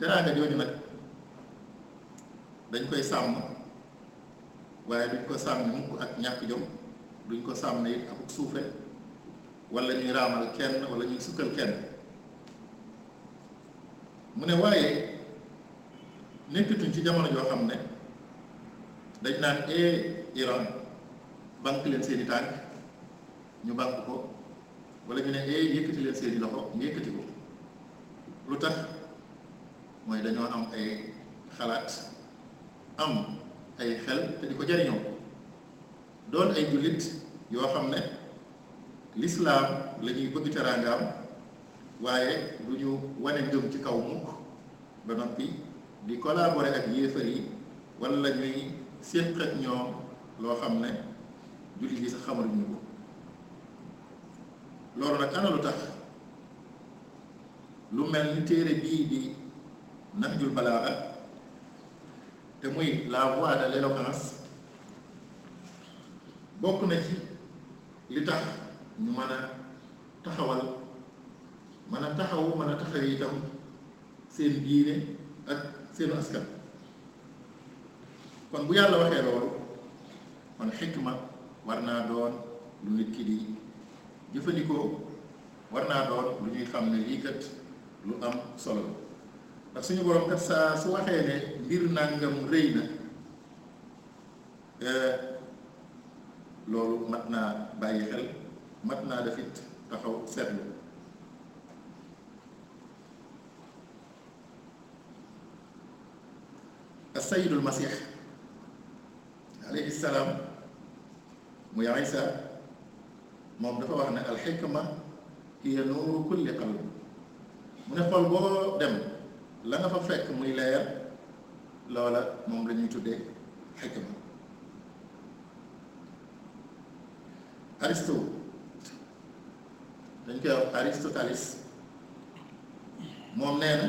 teraanga jooju nag dañ koy sàmm waaye duñ ko sàmm mukk ak ñàkk jom duñ ko sàmm it ak suufe wala ñuy raamal kenn wala ñuy sukkal kenn mu ne waaye nekkatuñ ci jamono joo xam ne dañ naan ee eh, Iran banque leen seeni tànk ñu banque ko wala ñu ne ee eh, yëkkati leen seeni loxo ñu yëkkati ko lu tax mooy dañoo am ay xalaat am ay xel te di ko jariñoo doon ay jullit yoo xam ne lislaam la ñuy bëgg teraangaam waaye lu ñu wane ngëm ci kaw mukk ba noppi di collaborer ak yéefar yi wala ñuy séq ak ñoom loo xam ne jullit yi sax xamaluñu ko loolu nag ana lu tax lu mel ni téere bii di Nahjul Balaaga te muy la voie de l'éloquence bokk na ci li tax ñu mën a taxawal mën a taxawu mën a taxaw itam seen diine ak seenu askan kon bu yàlla waxee loolu kon xikma war naa doon lu nit ki di jëfandikoo war naa doon lu ñuy xam ne lii lu am solo suñu borom kat saa su waxee ne mbir nangam rëy na eh, loolu mat naa bàyyi xel mat naa def it taxaw seetlu asayidul masix alayhi salaam muy Isa moom dafa wax ne alxikma hiya nuuru kulli qalb mu ne xol boo dem la nga fa fekk muy leer loola moom lañuy ñuy tuddee xikma aristo dañ koy wax aristotalis moom nee na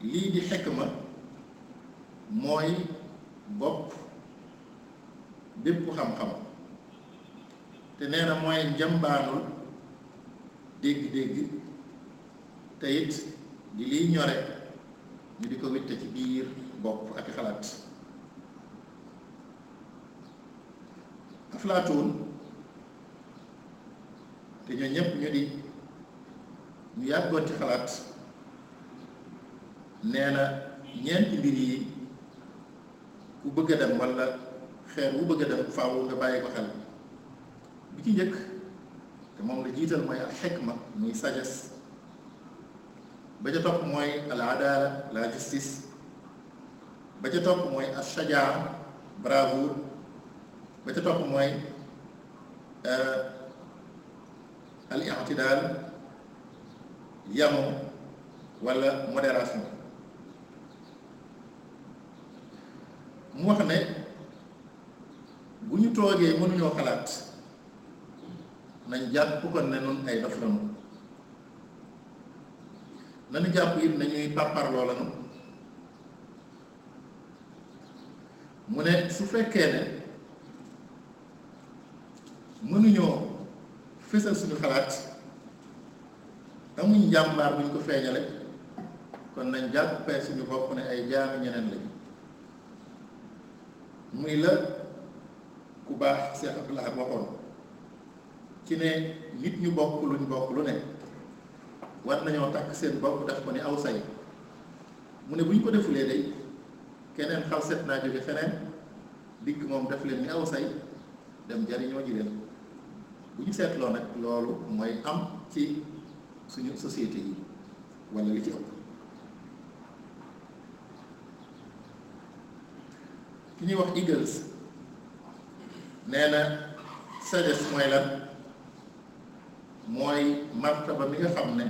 lii di xikma mooy bopp bépp xam-xam te nee na mooy njambaanul dégg-dégg te li liy ñore ñu di ko witte ci biir bopp ak xalaat aflaatuun te ñoo ñëpp ñu di ñu yàggoon ci xalaat nee na ñeenti mbir yi ku bëgg a dem wala xeer wu bëgg a dem faaw nga bàyyi ko xel bi ci njëkk te moom la jiital mooy ak xekma muy sagesse ba ca topp mooy al adala la justice ba ca topp mooy al shajaa bravoure ba ca topp mooy euh, al i'tidal yamu wala modération mu wax ne bu ñu toogee mënuñoo xalaat nañ jàpp kon ne nun ay dof lañu nañu jàpp it nañuy pàppar loola nu mu ne su fekkee ne mënuñoo fësal suñu xalaat amuñ jàmbaar buñ ko feeñale kon nañ jàppee suñu bopp ne ay jaami ñeneen lañu muy la ku baax Seex Abdul Ahad waxoon ci ne nit ñu bokk luñ bokk lu ne war nañoo takk seen bopp daf ko ne aw mu ne bu ñu ko defulee day keneen xal set naa jóge feneen dikk moom daf leen ni aw dem jariñoo ji leen bu ñu seetloo nag loolu mooy am ci suñu société yi wala li ci ëpp ki ñuy wax Eagles nee na sagesse mooy lan mooy martaba mi nga xam ne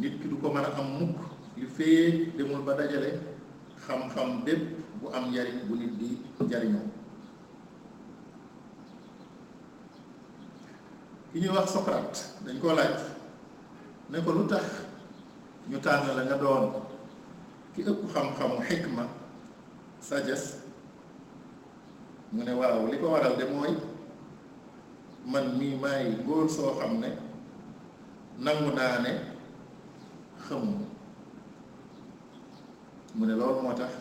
nit ki du ko mën a am mukk li fee demul ba dajale xam-xam bépp bu am njariñ bu nit di jariñoo ki ñuy wax Socrate dañ ko laaj ne ko lu tax ñu tànn la nga doon ki ëpp xam-xamu ma sagesse mu ne waaw li ko waral de mooy man mii may góor soo xam ne nangu naa ne xamu mu ne loolu moo tax